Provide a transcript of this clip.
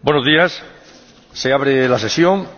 buenos días se abre la sesión.